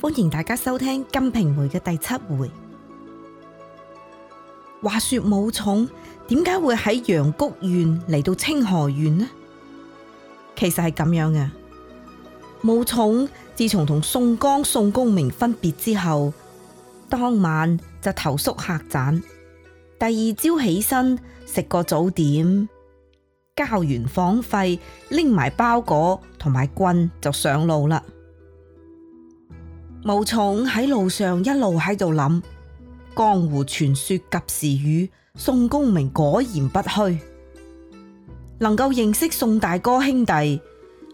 歡迎大家收聽《金瓶梅》嘅第七回。話說武松點解會喺陽谷縣嚟到清河縣呢？其實係咁樣嘅。武松自從同宋江、宋公明分別之後，當晚就投宿客棧。第二朝起身，食個早點，交完房費，拎埋包裹同埋棍就上路啦。武松喺路上一路喺度諗，江湖傳說及時雨，宋公明果然不虛，能夠認識宋大哥兄弟，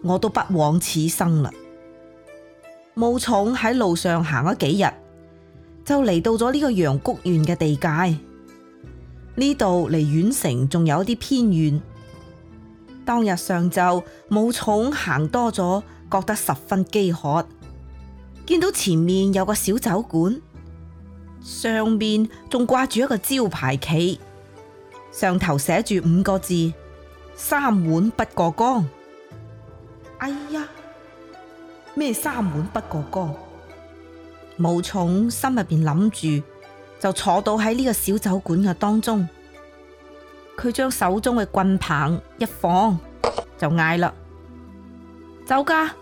我都不枉此生啦。武松喺路上行咗幾日，就嚟到咗呢個陽谷縣嘅地界，呢度離縣城仲有啲偏遠。當日上晝，武松行多咗，覺得十分飢渴。見到前面有個小酒館，上面仲掛住一個招牌旗，上頭寫住五個字：三碗不過岡。哎呀，咩三碗不過岡？武松心入邊諗住，就坐到喺呢個小酒館嘅當中。佢將手中嘅棍棒一放，就嗌啦：酒家！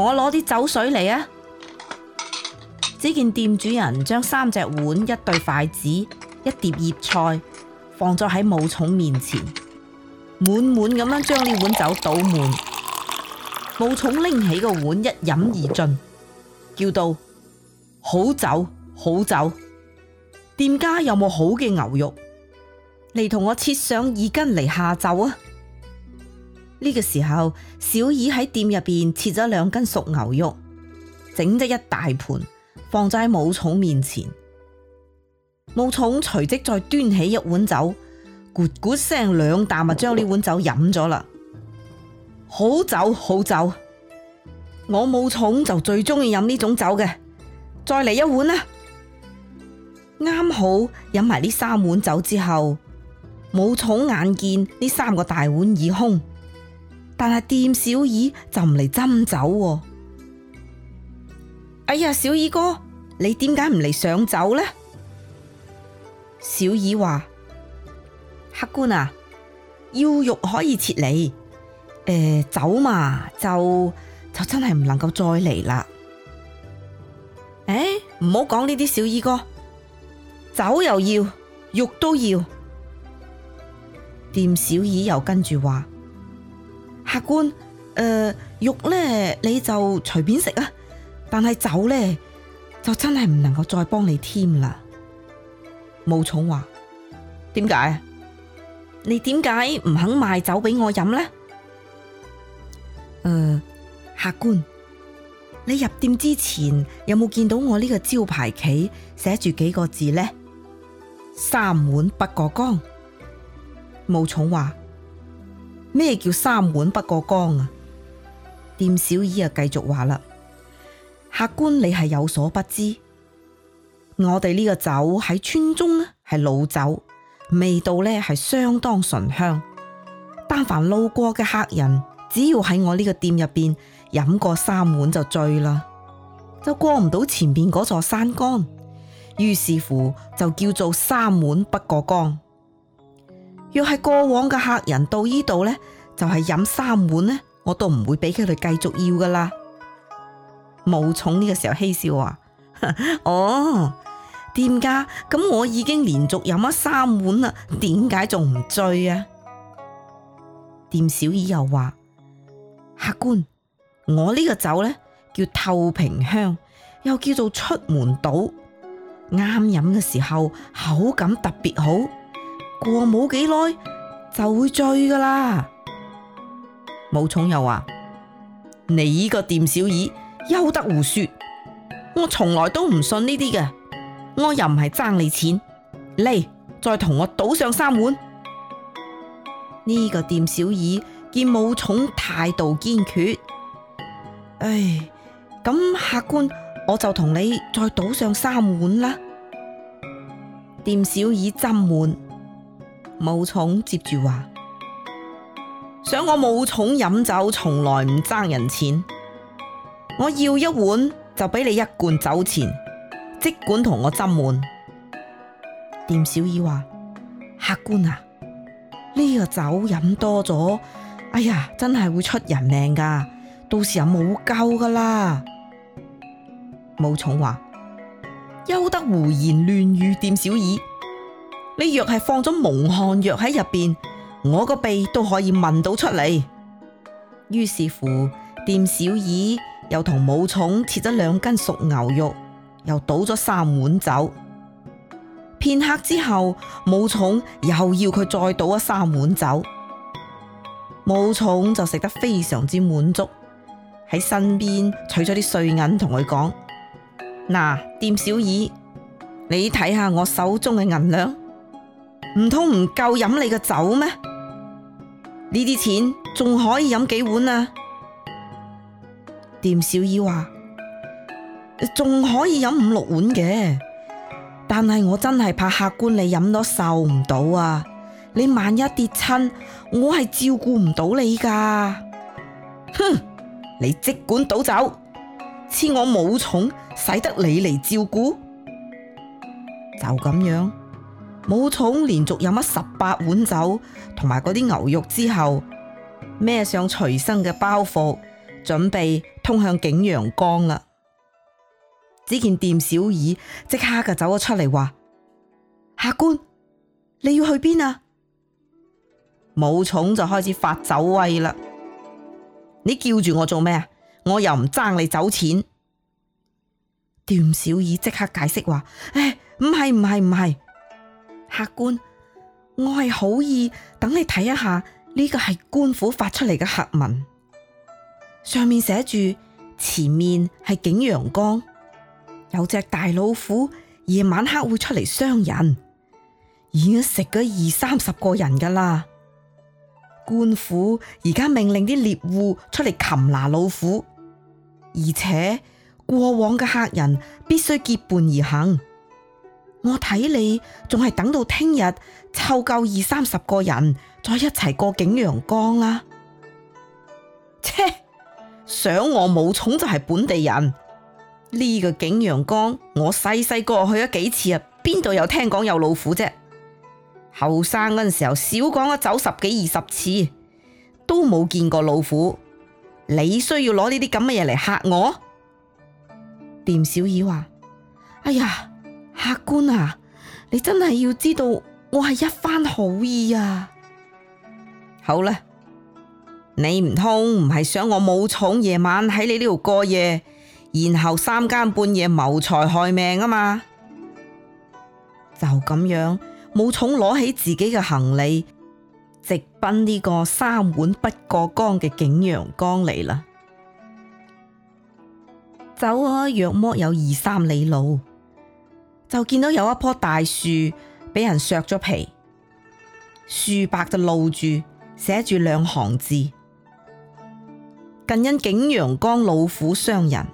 同我攞啲酒水嚟啊！只見店主人將三隻碗、一對筷子、一碟葉菜放咗喺武松面前，滿滿咁樣將呢碗酒倒滿。武松拎起個碗一飲而盡，叫道：好酒，好酒！店家有冇好嘅牛肉？你同我切上二斤嚟下酒啊？呢個時候，小二喺店入邊切咗兩斤熟牛肉，整咗一大盤，放咗喺武松面前。武松隨即再端起一碗酒，咕咕聲兩啖啊，將呢碗酒飲咗啦。好酒，好酒，我武松就最中意飲呢種酒嘅。再嚟一碗啦！啱好飲埋呢三碗酒之後，武松眼見呢三個大碗已空。但係店小二就唔嚟斟酒、啊。哎呀，小二哥，你點解唔嚟上酒呢？小二話：客官啊，要肉可以切嚟，誒、欸，酒嘛就就真係唔能夠再嚟啦。誒、欸，唔好講呢啲，小二哥，酒又要肉都要。店小二又跟住話。客官，誒、呃，肉咧你就隨便食啊，但係酒咧就真係唔能夠再幫你添啦。武松話：點解？你點解唔肯賣酒俾我飲呢？呃，誒，客官，你入店之前有冇見到我呢個招牌旗寫住幾個字呢？三碗不過崗。武松話。咩叫三碗不過崗啊？店小二啊，繼續話啦，客官你係有所不知，我哋呢個酒喺村中係老酒，味道呢係相當醇香。但凡路過嘅客人，只要喺我呢個店入邊飲過三碗就醉啦，就過唔到前邊嗰座山崗。於是乎就叫做三碗不過崗。若係過往嘅客人到依度呢，就係飲三碗呢，我都唔會俾佢哋繼續要噶啦。武松呢個時候嬉笑話，啊，哦，店家，咁我已經連續飲咗三碗啦，點解仲唔醉啊？店小二又話：客官，我呢個酒呢，叫透瓶香，又叫做出門倒，啱飲嘅時候，口感特別好。過冇幾耐就會醉噶啦！武松又話：你個店小二休得胡說，我從來都唔信呢啲嘅，我又唔係爭你錢，嚟再同我倒上三碗。呢個店小二見武松態度堅決，唉，咁客官我就同你再倒上三碗啦。店小二斟滿。武松接住話，想我武松飲酒，從來唔爭人錢。我要一碗就俾你一罐酒錢，即管同我斟滿。店小二話：客官啊，呢、這個酒飲多咗，哎呀，真係會出人命噶，到時候冇救噶啦。武松話：休得胡言亂語，店小二。你藥係放咗蒙汗藥喺入邊，我個鼻都可以聞到出嚟。於是乎，店小二又同武松切咗兩斤熟牛肉，又倒咗三碗酒。片刻之後，武松又要佢再倒咗三碗酒，武松就食得非常之滿足。喺身邊取咗啲碎銀同佢講：嗱、啊，店小二，你睇下我手中嘅銀兩。唔通唔夠飲你個酒咩？呢啲錢仲可以飲幾碗啊？店小二話，仲可以飲五六碗嘅，但係我真係怕客官你飲咗受唔到啊！你萬一跌親，我係照顧唔到你噶。哼！你即管倒酒，黐我冇重，使得你嚟照顧，就咁樣。武松連續飲咗十八碗酒同埋嗰啲牛肉之後，孭上隨身嘅包袱，準備通向景陽岡啦。只見店小二即刻就走咗出嚟，話：客官，你要去邊啊？武松就開始發酒威啦，你叫住我做咩啊？我又唔爭你酒錢。店小二即刻解釋話：唉，唔係唔係唔係。不是不是不是客官，我係好意，等你睇一下呢個係官府發出嚟嘅檄文，上面寫住前面係景陽岡，有隻大老虎夜晚黑會出嚟傷人，已經食咗二三十個人噶啦。官府而家命令啲獵戶出嚟擒拿老虎，而且過往嘅客人必須結伴而行。我睇你仲係等到聽日湊夠二三十個人再一齊過景陽岡啦。切， 想我武松就係本地人，呢個景陽岡，我細細個去咗幾次啊，邊度有聽講有老虎啫？後生嗰陣時候少講咗走十幾二十次都冇見過老虎。你需要攞呢啲咁嘅嘢嚟嚇我？店小二話：哎呀！客官啊，你真係要知道我係一番好意啊。好啦，你唔通唔係想我武松夜晚喺你呢度過夜，然後三更半夜謀財害命啊嘛？就咁樣，武松攞起自己嘅行李，直奔呢個三碗不過崗嘅景陽崗嚟啦。走啊，約摸有二三里路。就見到有一棵大樹俾人削咗皮，樹白就露住，寫住兩行字。近因景陽岡老虎傷人，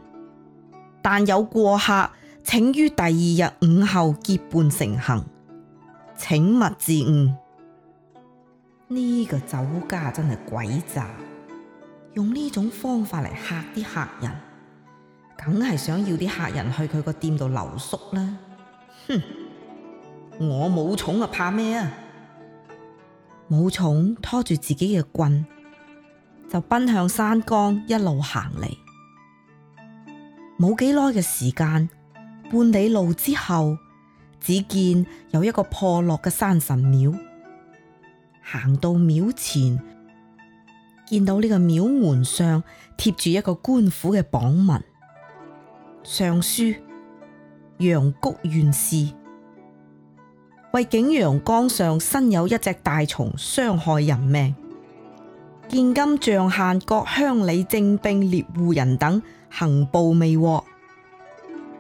但有過客請於第二日午後結伴成行，請勿自誤。呢個酒家真係鬼詐，用呢種方法嚟嚇啲客人，梗係想要啲客人去佢個店度留宿啦。哼，我武松啊，怕咩啊？武松拖住自己嘅棍，就奔向山崗，一路行嚟。冇幾耐嘅時間，半里路之後，只見有一個破落嘅山神廟。行到廟前，見到呢個廟門上貼住一個官府嘅榜文，上書。陽谷縣事，為景陽岡上新有一隻大蟲，傷害人命。見今象限各鄉里正並、獵戶人等行捕未獲，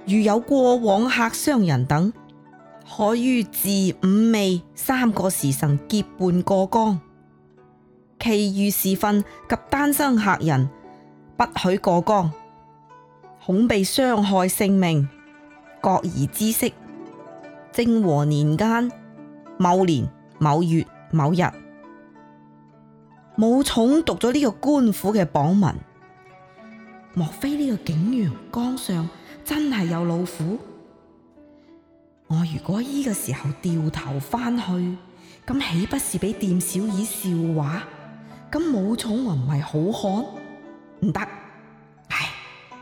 如有過往客商人等，可於至午未三個時辰結伴過岡，其餘時分及單身客人不許過岡，恐被傷害性命。各而知悉，正和年間某年某月某日，武松讀咗呢個官府嘅榜文，莫非呢個景陽崗上真係有老虎？我如果依個時候掉頭翻去，咁豈不是俾店小二笑話？咁武松又唔係好漢，唔得，唉，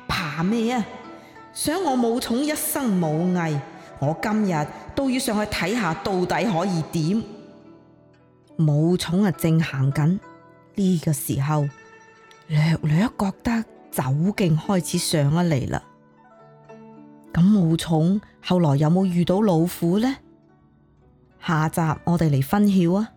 怕咩啊？想我武松一生武藝，我今日都要上去睇下到底可以點。武松啊，正行緊呢個時候，略略覺得酒勁開始上一嚟啦。咁武松後來有冇遇到老虎呢？下集我哋嚟分曉啊！